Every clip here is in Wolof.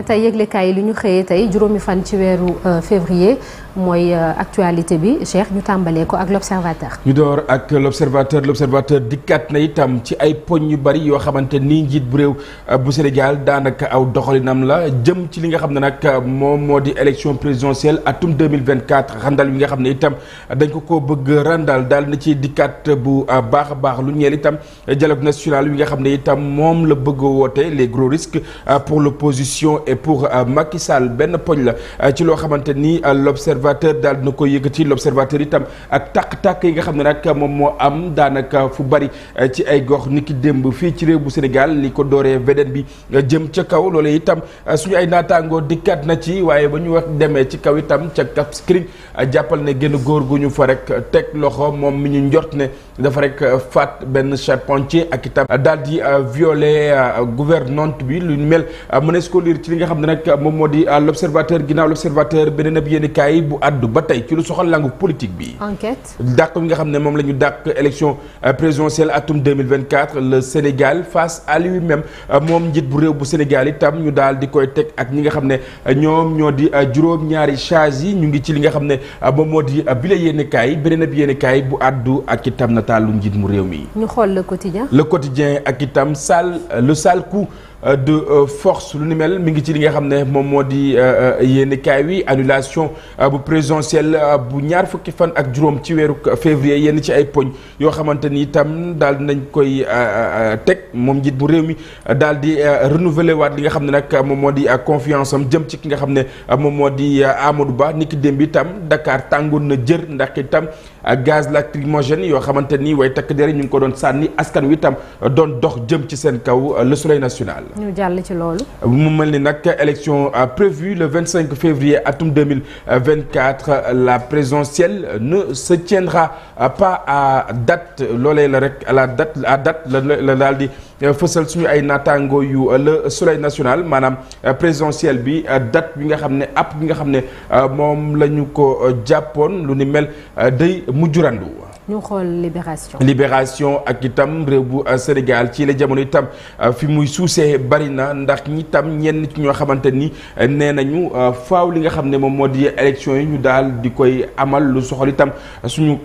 tey yëglekaay yi li ñu xëyee tey juróomi fan ci weeru euh, février mooy euh, actualité bi Cheikh ñu tàmbalee ko ak l'observateur ñu door ak l'observateur l'observateur dikkaat na itam ci ay poñ yu bari yoo xamante nii njiit bu réew euh, bu Sénégal daanaka aw doxalinam la jëm ci li nga xam ne nag euh, moom moo di élection présidentielle atum 2024 randal yi nga xam ne itam dañ ko ko bëgg randal daal na ci dikkat bu baax a baax lu ñeel itam dialogue national yi nga xam ne itam moom la bëgg woote les gros risques pour l'opposition et pour Macky Sall benn poñ la loo xamante ni l'observateur l'observateur daal dina ko yëkkati l'observateur itam ak tàq-tàq yi nga xam ne nag moom moo am daanaka fu bari eh, ci ay gox niki démb fii ci réew bu Sénégal li ko dooree VDN bi eh, jëm ca kaw loolee itam eh, suñu ay naataangoo dikkaat na ci waaye ba ñu wax demee ci kaw itam ca Cap Skirring jàppal ne gën góor gu ñu fa rek teg loxo moom mu ñu njort ne dafa rek faat benn charpentier ak itam daal di violer gouvernante bi lu ñu mel mënees ko lire ci li nga xam ne nag moom moo di l'observateur ginnaaw l'observateur beneen ab yéenekaay bu àddu ba tey ci lu soxal langue politique bi. enquête dàq bi nga xam ne moom la ñu dàq élection euh, présidentielle atum 2024 le Sénégal face à lui-même euh, moom njiit bu réew bu Sénégal itam ñu daal di koy teg ak ñi nga xam ne euh, ñoom ñoo di juróom-ñaari charge yi ñu ngi ci li nga xam ne moom moo di bile yéen kaay beneen ab yéen kaay bu àddu ak itam nataalu njiit mu réew mi. ñu xool le quotidien. le quotidien ak itam sale le sale coup. Euh, de euh, force lu ni mel mi ngi ci li nga xam ne moom moo di euh, yéen kaay wi annulation bu présidentielle bu ñaar fukki fan ak juróom ci weeru février yenn ci ay poñ yoo xamante ni itam daal di nañ koy teg moom njiit bu réew mi daal di renouveler waat li nga xam ne nag moom moo di ak confiance am jëm ci ki nga xam ne moom moo di Amadou Ba niki bi itam Dakar tàngoon na jër ndax itam gaz lacrymogène yoo xamante ni way takk der ñu ngi ko doon sànni askan wi itam dox jëm ci seen kaw le soleil national. ñu jàll ci loolu. mu mel ni nag élection euh, prévue le 25 février atum 2024 la présidentielle ne se tiendra euh, pas à dat loolee la rek à la date à date la daal di euh, fësal suñu ay naataango yu la soleil nationale maanaam présidentielle bi date bi nga xam ne app bi nga xam ne moom la ñu ko jàppoon lu ni mel day mujjurandu. ñu xool libération. libération ak itam réew bu euh, Sénégal ci la jamono itam euh, fi muy suusee bari na ndax ñi itam ñenn ci ñoo xamante nii euh, nee nañu faw li nga xam ne moom moo di élection yi ñu daal di koy amal lu soxal itam suñu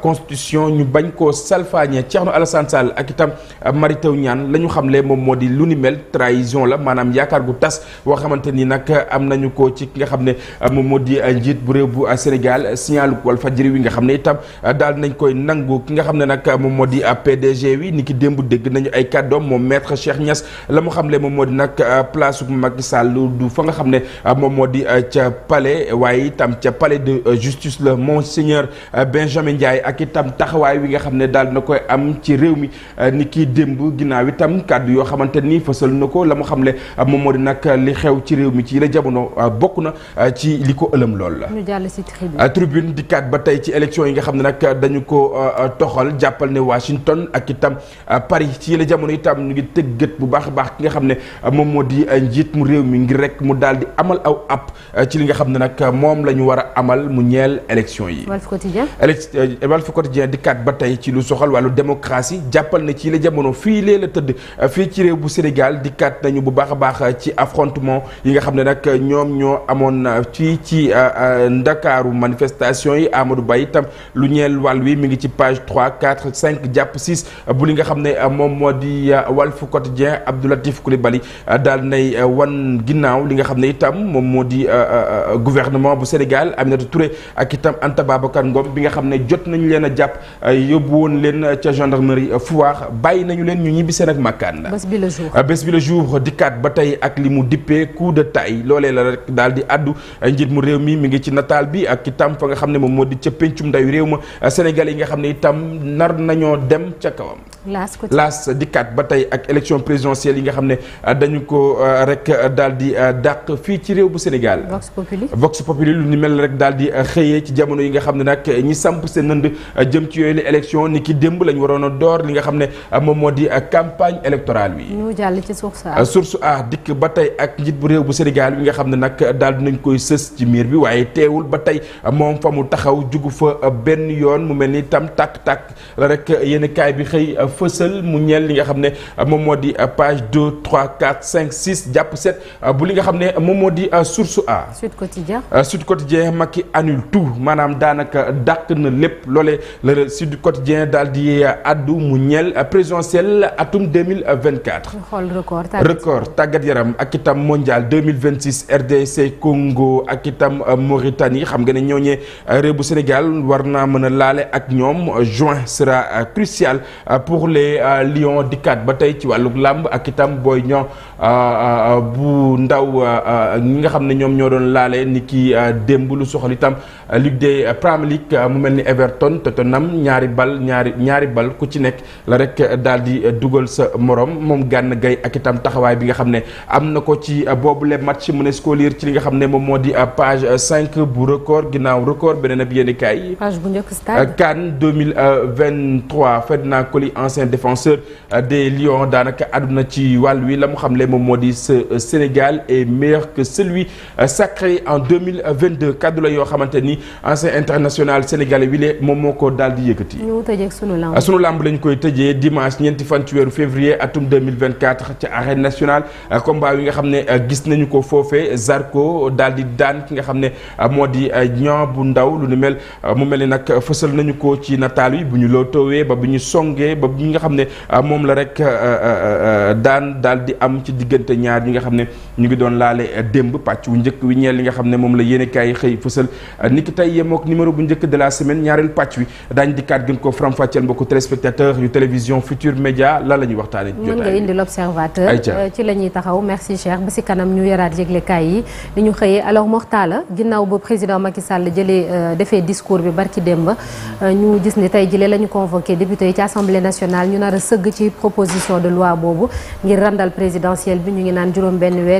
constitution ñu bañ koo salfaañee Thierno Alassane Sall ak itam Mary Teuw Niane la ñu xamle moom moo di lu ni mel trahison la maanaam yaakaar gu tas boo xamante ni nag am nañu ko ci ki nga xam ne moom moo di njiit bu réew bu Sénégal signal Walfadjri wi nga xam ne nañ koy nangu ki nga xam ne nag moom di PDG wi ni ki démb dégg nañu ay kàddoom moom maître Cheikh Niass la mu xam le moom moo di nag euh, place bu Macky Sall du fa nga xam ne euh, moom moo di euh, ca palais waaye itam ca pale de justice la monseigneur Benjamin Ndiaye ak itam taxawaay wi nga xam ne daal na koy am ci réew mi ni ki démb ginnaaw itam kàddu yoo xamante ni fësal na ko la mu xam le moom moo di nag li xew ci réew mi ci la jamono bokk na ci li ko ëlëm lool la. nañu ko euh, euh, toxal jàppal ne Washington ak itam euh, Paris ci la jamono itam ñu ngi tëggat bu baax a baax ki nga xam ne moom moo di njiit mu réew mi ngir rek mu daal di amal aw app ci li nga xam ne nag moom la ñu war a amal mu ñeel élection yi. Walf Quotidien Walf di kat ba tey ci lu soxal wàllu démocratie jàppal ne ci la jamono fii lee la tëdd fii ci réew bu Sénégal dikkat nañu bu baax a baax ci affrontement yi nga xam ne nag ñoom ñoo amoon fii ci ndakaaru manifestation yi Amadou Ba bi mi ngi ci page 3 4 5 jàpp 6 bu li nga xam ne euh, moom moo di euh, Walf Quotidien Abdoulatif Coulibaly euh, daal nay wan ginnaaw li nga xam ne itam moom moo di gouvernement bu Sénégal Aminata Touré ak itam Anta Babacar Ngom bi nga xam ne jot nañu leen a jàpp yóbbu woon leen ca gendarmerie Fouar bàyyi nañu leen ñu ñibbi seen ak màkkaan bés bi le jour bés bi ba tey ak li mu dippee coup de taille loolee la rek daal di addu njiit mu réew mi mu ngi ci nataal bi ak itam fa nga ne moom moo di ca péncum sénégalais yi nga xam ne itam nar nañoo dem ca kawam. laas dikkaat ba tey ak élection présidentielle yi nga xam ne euh, dañu ko euh, rek euh, daal di dàq fii ci réew bu Sénégal. Vox Populi Vox Populi lu ni mel rek daal di xëyee ci jamono yi nga xam ne nag ñi samp seen nënd jëm ci yooyu la élection ni ki démb lañu waroon door li nga xam ne moom moo di campagne électorale bi. ñu jàll ci source a. source dikk ba tey ak njiit bu réew bu Sénégal bi nga xam ne nag daal di nañ koy sës ci miir bi waaye teewul ba tey moom fa mu taxaw jugu fa benn yoon mu mel ni tam takk tàkk la rek yéen kaay bi xëy euh, fësal mu ñeel li nga xam ne euh, moom moo di euh, page 2 3 4 5 6 jàpp 7 bu li nga xam ne moom moo di source A. Sud Quotidien Sud Quotidien Macky annule tout maanaam daanaka dàq na lépp loole la Sud Quotidien daal di addu mu ñeel présidentielle atum 2024. xool record record tàggat yaram ak itam mondial 2026 RDC Congo ak itam Mauritanie xam nga ne ñooñee réew bu Sénégal war naa mën a laale ak ñoom euh, juin sera euh, crucial euh, pour les Lions dikkaat ba tey ci wàlluk làmb ak itam booy ñoo bu ndaw ñi nga xam ne ñoom ñoo doon laale ni ki démb lu soxal itam Ligue des Premier League mu mel ni Everton nam ñaari bal ñaari ñaari bal ku ci nekk la rek daal di dugal sa morom moom gànn gay ak itam taxawaay bi nga xam ne am na ko ci boobu lee match mu ne ko lire ci li nga xam ne moom moo di page 5 bu record ginnaaw record beneen ab yéenekaay yi. page bu njëkk stade CAN 2023 Ferdinand Coly ancien défenseur euh, des Lions daanaka àdduna ci wàll wi la mu xamle moom moo di ce euh, Sénégal est meilleur que celui euh, sacré en 2022 kaddu la yoo xamante ni ancien international sénégalais wile moom moo ko daal di yëkkati. ñu tëjee sunu lamb sunu lañ koy tëjee dimanche ñeenti fan ci weeru février atum 2024 ca arène nationale combat yi nga xam ne gis nañu ko foofee Zarko daal di daan ki nga xam ne moo di ñan bu ndaw lu ni mel mu mel ni nag fësal nañu. sukkandikoo ci nataal yi bu ñu lootoowee ba bu ñu songee ba bi nga xam ne ah, moom la rek ah, ah, daan daal di am ci diggante ñaar ñi nga xam ne ñu ngi doon laale démb pàcc wu njëkk wi ñeel li nga xam ne moom la yéenekaay yi xëy fësal niki tey yemook numéro bu njëkk de la semaine ñaareel pàcc wi daañ dikkaat gën koo faram-fàcceel mbokku téléspectateur yu télévision Futur Média lan la ñuy waxtaane mën nga indi l'observateur euh, ci la ñuy taxaw merci Cheikh ba si kanam ñu yaraat yëglekaay yi li ñu xëyee alors Mortala ginnaaw ba président Macky la jëlee euh, defee discours bi barki démb ñu gis ni tey jile lañu ñu convoqué député yi ci assemblée nationale ñu nar a sëgg ci proposition de loi boobu ngir randal présidentielle bi ñu ngi naan juróom benn weer